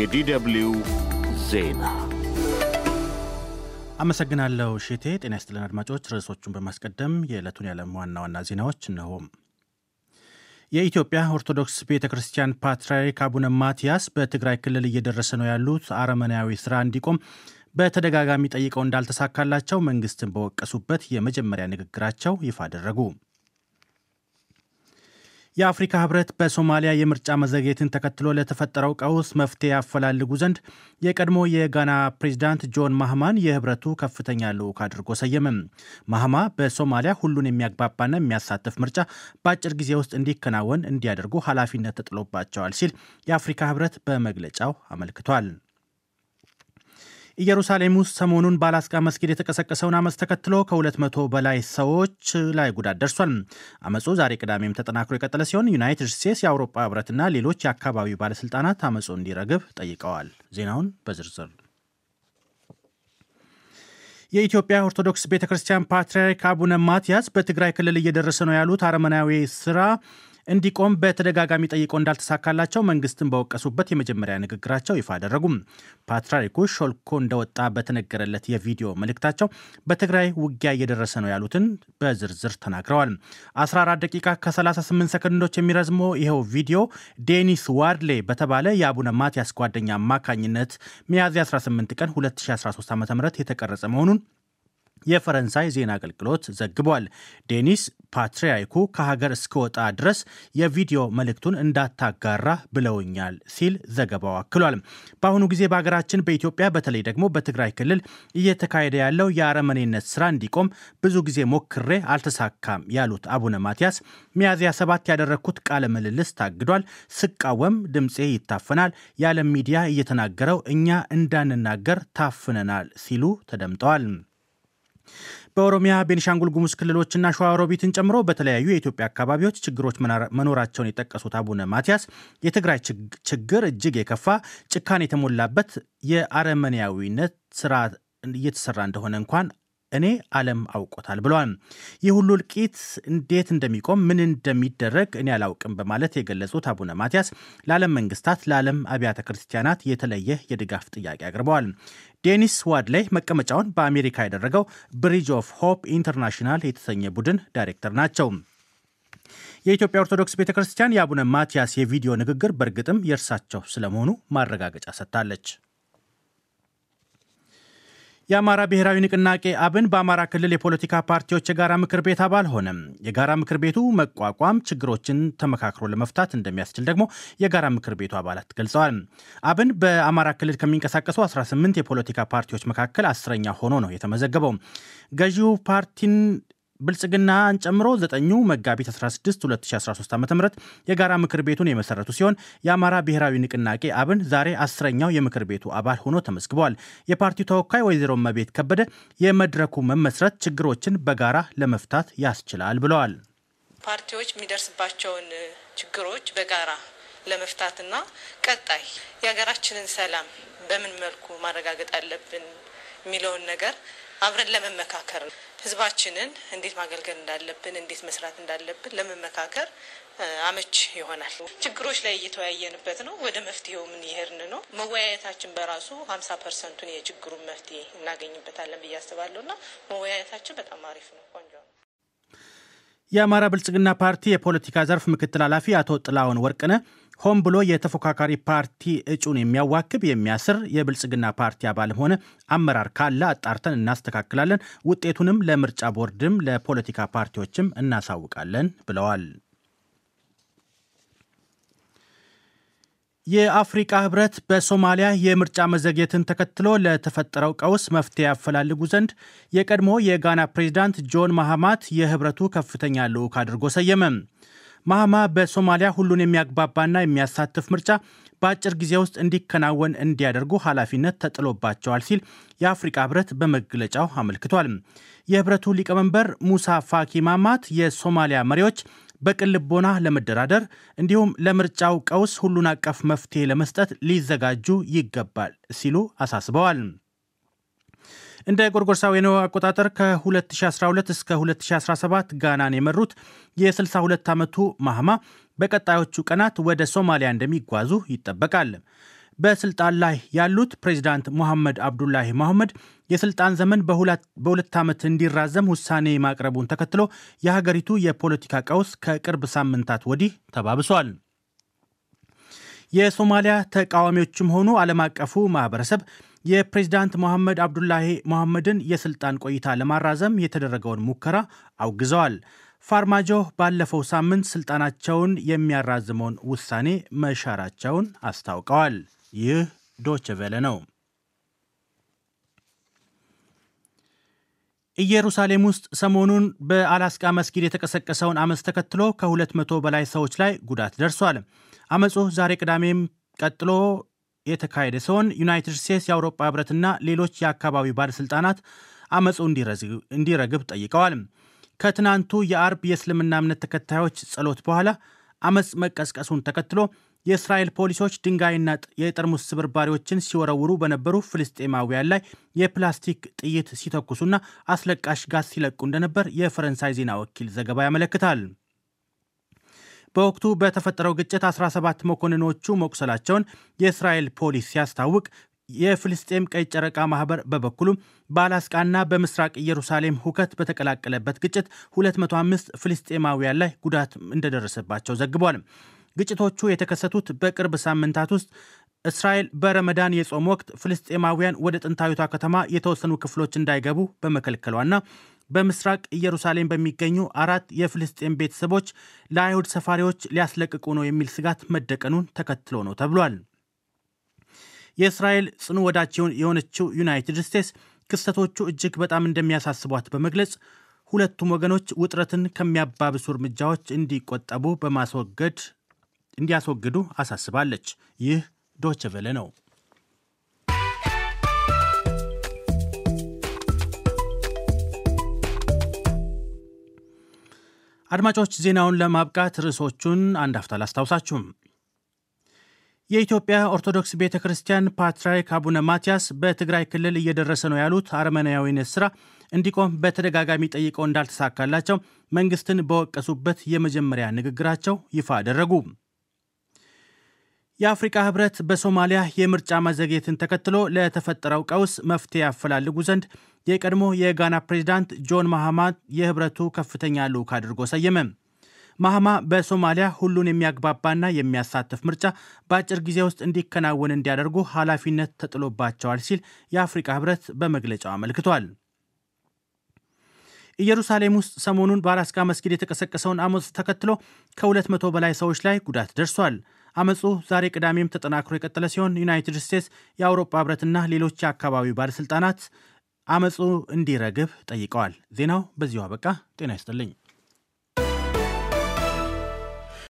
የዲደብሊው ዜና አመሰግናለሁ ሼቴ። ጤና ይስጥልን አድማጮች፣ ርዕሶቹን በማስቀደም የዕለቱን ያለም ዋና ዋና ዜናዎች እነሆም የኢትዮጵያ ኦርቶዶክስ ቤተ ክርስቲያን ፓትርያርክ አቡነ ማትያስ በትግራይ ክልል እየደረሰ ነው ያሉት አረመናያዊ ስራ እንዲቆም በተደጋጋሚ ጠይቀው እንዳልተሳካላቸው መንግስትን በወቀሱበት የመጀመሪያ ንግግራቸው ይፋ አደረጉ። የአፍሪካ ህብረት በሶማሊያ የምርጫ መዘግየትን ተከትሎ ለተፈጠረው ቀውስ መፍትሄ ያፈላልጉ ዘንድ የቀድሞ የጋና ፕሬዚዳንት ጆን ማህማን የህብረቱ ከፍተኛ ልዑክ አድርጎ ሰየምም። ማህማ በሶማሊያ ሁሉን የሚያግባባና የሚያሳትፍ ምርጫ በአጭር ጊዜ ውስጥ እንዲከናወን እንዲያደርጉ ኃላፊነት ተጥሎባቸዋል ሲል የአፍሪካ ህብረት በመግለጫው አመልክቷል። ኢየሩሳሌም ውስጥ ሰሞኑን በአላስቃ መስጊድ የተቀሰቀሰውን አመፅ ተከትሎ ከ200 በላይ ሰዎች ላይ ጉዳት ደርሷል። አመፁ ዛሬ ቅዳሜም ተጠናክሮ የቀጠለ ሲሆን ዩናይትድ ስቴትስ፣ የአውሮፓ ህብረትና ሌሎች የአካባቢው ባለስልጣናት አመፁ እንዲረግብ ጠይቀዋል። ዜናውን በዝርዝር የኢትዮጵያ ኦርቶዶክስ ቤተ ክርስቲያን ፓትርያርክ አቡነ ማትያስ በትግራይ ክልል እየደረሰ ነው ያሉት አረመናዊ ስራ እንዲቆም በተደጋጋሚ ጠይቀው እንዳልተሳካላቸው መንግስትን በወቀሱበት የመጀመሪያ ንግግራቸው ይፋ አደረጉም። ፓትርያርኩ ሾልኮ እንደወጣ በተነገረለት የቪዲዮ መልእክታቸው በትግራይ ውጊያ እየደረሰ ነው ያሉትን በዝርዝር ተናግረዋል። 14 ደቂቃ ከ38 ሰከንዶች የሚረዝመው ይኸው ቪዲዮ ዴኒስ ዋድሌ በተባለ የአቡነ ማትያስ ጓደኛ አማካኝነት ሚያዝያ 18 ቀን 2013 ዓ ም የተቀረጸ መሆኑን የፈረንሳይ ዜና አገልግሎት ዘግቧል። ዴኒስ ፓትሪያይኩ ከሀገር እስከወጣ ድረስ የቪዲዮ መልእክቱን እንዳታጋራ ብለውኛል ሲል ዘገባው አክሏል። በአሁኑ ጊዜ በሀገራችን በኢትዮጵያ በተለይ ደግሞ በትግራይ ክልል እየተካሄደ ያለው የአረመኔነት ስራ እንዲቆም ብዙ ጊዜ ሞክሬ አልተሳካም ያሉት አቡነ ማትያስ ሚያዝያ ሰባት ያደረግኩት ቃለ ምልልስ ታግዷል። ስቃወም ድምፄ ይታፈናል። የዓለም ሚዲያ እየተናገረው እኛ እንዳንናገር ታፍነናል ሲሉ ተደምጠዋል። በኦሮሚያ ቤኒሻንጉል ጉሙዝ ክልሎችና ሸዋሮቢትን ጨምሮ በተለያዩ የኢትዮጵያ አካባቢዎች ችግሮች መኖራቸውን የጠቀሱት አቡነ ማቲያስ የትግራይ ችግር እጅግ የከፋ ጭካን የተሞላበት የአረመኔያዊነት ስራ እየተሰራ እንደሆነ እንኳን እኔ ዓለም አውቆታል ብለዋል። ይህ ሁሉ እልቂት እንዴት እንደሚቆም ምን እንደሚደረግ እኔ አላውቅም በማለት የገለጹት አቡነ ማቲያስ ለዓለም መንግስታት፣ ለዓለም አብያተ ክርስቲያናት የተለየ የድጋፍ ጥያቄ አቅርበዋል። ዴኒስ ዋድላይ መቀመጫውን በአሜሪካ ያደረገው ብሪጅ ኦፍ ሆፕ ኢንተርናሽናል የተሰኘ ቡድን ዳይሬክተር ናቸው። የኢትዮጵያ ኦርቶዶክስ ቤተ ክርስቲያን የአቡነ ማቲያስ የቪዲዮ ንግግር በእርግጥም የእርሳቸው ስለመሆኑ ማረጋገጫ ሰጥታለች። የአማራ ብሔራዊ ንቅናቄ አብን በአማራ ክልል የፖለቲካ ፓርቲዎች የጋራ ምክር ቤት አባል ሆነ። የጋራ ምክር ቤቱ መቋቋም ችግሮችን ተመካክሮ ለመፍታት እንደሚያስችል ደግሞ የጋራ ምክር ቤቱ አባላት ገልጸዋል። አብን በአማራ ክልል ከሚንቀሳቀሱ 18 የፖለቲካ ፓርቲዎች መካከል አስረኛ ሆኖ ነው የተመዘገበው። ገዢው ፓርቲን ብልጽግናን ጨምሮ ዘጠኙ መጋቢት 16 2013 ዓ ም የጋራ ምክር ቤቱን የመሰረቱ ሲሆን የአማራ ብሔራዊ ንቅናቄ አብን ዛሬ አስረኛው የምክር ቤቱ አባል ሆኖ ተመዝግበዋል። የፓርቲው ተወካይ ወይዘሮ መቤት ከበደ የመድረኩ መመስረት ችግሮችን በጋራ ለመፍታት ያስችላል ብለዋል። ፓርቲዎች የሚደርስባቸውን ችግሮች በጋራ ለመፍታትና ቀጣይ የሀገራችንን ሰላም በምን መልኩ ማረጋገጥ አለብን የሚለውን ነገር አብረን ለመመካከር ነው። ህዝባችንን እንዴት ማገልገል እንዳለብን፣ እንዴት መስራት እንዳለብን ለመመካከር አመች ይሆናል። ችግሮች ላይ እየተወያየንበት ነው። ወደ መፍትሄው ምን ይሄርን ነው መወያየታችን በራሱ ሀምሳ ፐርሰንቱን የችግሩን መፍትሄ እናገኝበታለን ብዬ አስባለሁ እና መወያየታችን በጣም አሪፍ ነው፣ ቆንጆ ነው። የአማራ ብልጽግና ፓርቲ የፖለቲካ ዘርፍ ምክትል ኃላፊ አቶ ጥላውን ወርቅነ ሆን ብሎ የተፎካካሪ ፓርቲ እጩን የሚያዋክብ የሚያስር የብልጽግና ፓርቲ አባልም ሆነ አመራር ካለ አጣርተን እናስተካክላለን፣ ውጤቱንም ለምርጫ ቦርድም ለፖለቲካ ፓርቲዎችም እናሳውቃለን ብለዋል። የአፍሪቃ ህብረት በሶማሊያ የምርጫ መዘግየትን ተከትሎ ለተፈጠረው ቀውስ መፍትሄ ያፈላልጉ ዘንድ የቀድሞ የጋና ፕሬዚዳንት ጆን ማሃማት የህብረቱ ከፍተኛ ልዑክ አድርጎ ሰየመ። ማሃማ በሶማሊያ ሁሉን የሚያግባባና የሚያሳትፍ ምርጫ በአጭር ጊዜ ውስጥ እንዲከናወን እንዲያደርጉ ኃላፊነት ተጥሎባቸዋል ሲል የአፍሪቃ ህብረት በመግለጫው አመልክቷል። የህብረቱ ሊቀመንበር ሙሳ ፋኪ ማማት የሶማሊያ መሪዎች በቅን ልቦና ለመደራደር እንዲሁም ለምርጫው ቀውስ ሁሉን አቀፍ መፍትሄ ለመስጠት ሊዘጋጁ ይገባል ሲሉ አሳስበዋል። እንደ ጎርጎርሳውያኑ አቆጣጠር ከ2012 እስከ 2017 ጋናን የመሩት የ62 ዓመቱ ማህማ በቀጣዮቹ ቀናት ወደ ሶማሊያ እንደሚጓዙ ይጠበቃል። በስልጣን ላይ ያሉት ፕሬዚዳንት ሞሐመድ አብዱላሂ መሐመድ የስልጣን ዘመን በሁለት ዓመት እንዲራዘም ውሳኔ ማቅረቡን ተከትሎ የሀገሪቱ የፖለቲካ ቀውስ ከቅርብ ሳምንታት ወዲህ ተባብሷል። የሶማሊያ ተቃዋሚዎችም ሆኑ ዓለም አቀፉ ማህበረሰብ የፕሬዚዳንት ሞሐመድ አብዱላሂ ሞሐመድን የስልጣን ቆይታ ለማራዘም የተደረገውን ሙከራ አውግዘዋል። ፋርማጆ ባለፈው ሳምንት ስልጣናቸውን የሚያራዝመውን ውሳኔ መሻራቸውን አስታውቀዋል። ይህ ዶችቬለ ነው። ኢየሩሳሌም ውስጥ ሰሞኑን በአላስቃ መስጊድ የተቀሰቀሰውን አመፅ ተከትሎ ከ200 በላይ ሰዎች ላይ ጉዳት ደርሷል። አመፁ ዛሬ ቅዳሜም ቀጥሎ የተካሄደ ሲሆን ዩናይትድ ስቴትስ የአውሮፓ ህብረትና ሌሎች የአካባቢው ባለሥልጣናት አመፁ እንዲረግብ ጠይቀዋል። ከትናንቱ የአርብ የእስልምና እምነት ተከታዮች ጸሎት በኋላ አመፅ መቀስቀሱን ተከትሎ የእስራኤል ፖሊሶች ድንጋይና የጠርሙስ ስብርባሪዎችን ሲወረውሩ በነበሩ ፍልስጤማውያን ላይ የፕላስቲክ ጥይት ሲተኩሱና አስለቃሽ ጋዝ ሲለቁ እንደነበር የፈረንሳይ ዜና ወኪል ዘገባ ያመለክታል። በወቅቱ በተፈጠረው ግጭት 17 መኮንኖቹ መቁሰላቸውን የእስራኤል ፖሊስ ሲያስታውቅ የፍልስጤም ቀይ ጨረቃ ማህበር በበኩሉ በአላስቃና በምስራቅ ኢየሩሳሌም ሁከት በተቀላቀለበት ግጭት 205 ፍልስጤማውያን ላይ ጉዳት እንደደረሰባቸው ዘግቧል። ግጭቶቹ የተከሰቱት በቅርብ ሳምንታት ውስጥ እስራኤል በረመዳን የጾም ወቅት ፍልስጤማውያን ወደ ጥንታዊቷ ከተማ የተወሰኑ ክፍሎች እንዳይገቡ በመከልከሏና በምስራቅ ኢየሩሳሌም በሚገኙ አራት የፍልስጤም ቤተሰቦች ለአይሁድ ሰፋሪዎች ሊያስለቅቁ ነው የሚል ስጋት መደቀኑን ተከትሎ ነው ተብሏል። የእስራኤል ጽኑ ወዳጅ የሆነችው ዩናይትድ ስቴትስ ክስተቶቹ እጅግ በጣም እንደሚያሳስቧት በመግለጽ ሁለቱም ወገኖች ውጥረትን ከሚያባብሱ እርምጃዎች እንዲቆጠቡ በማስወገድ እንዲያስወግዱ አሳስባለች። ይህ ዶች ቨለ ነው። አድማጮች ዜናውን ለማብቃት ርዕሶቹን አንድ አፍታ ላስታውሳችሁም። የኢትዮጵያ ኦርቶዶክስ ቤተ ክርስቲያን ፓትርያርክ አቡነ ማትያስ በትግራይ ክልል እየደረሰ ነው ያሉት አረመናዊነት ስራ እንዲቆም በተደጋጋሚ ጠይቀው እንዳልተሳካላቸው መንግስትን በወቀሱበት የመጀመሪያ ንግግራቸው ይፋ አደረጉ። የአፍሪካ ህብረት በሶማሊያ የምርጫ መዘግየትን ተከትሎ ለተፈጠረው ቀውስ መፍትሄ ያፈላልጉ ዘንድ የቀድሞ የጋና ፕሬዚዳንት ጆን ማሃማ የህብረቱ ከፍተኛ ልዑክ አድርጎ ሰየመ። ማሃማ በሶማሊያ ሁሉን የሚያግባባና የሚያሳትፍ ምርጫ በአጭር ጊዜ ውስጥ እንዲከናወን እንዲያደርጉ ኃላፊነት ተጥሎባቸዋል ሲል የአፍሪካ ህብረት በመግለጫው አመልክቷል። ኢየሩሳሌም ውስጥ ሰሞኑን በአላስቃ መስጊድ የተቀሰቀሰውን አመፅ ተከትሎ ከሁለት መቶ በላይ ሰዎች ላይ ጉዳት ደርሷል። አመፁ ዛሬ ቅዳሜም ተጠናክሮ የቀጠለ ሲሆን ዩናይትድ ስቴትስ የአውሮፓ ህብረትና ሌሎች የአካባቢው ባለሥልጣናት አመፁ እንዲረግብ ጠይቀዋል። ዜናው በዚሁ አበቃ። ጤና ይስጥልኝ።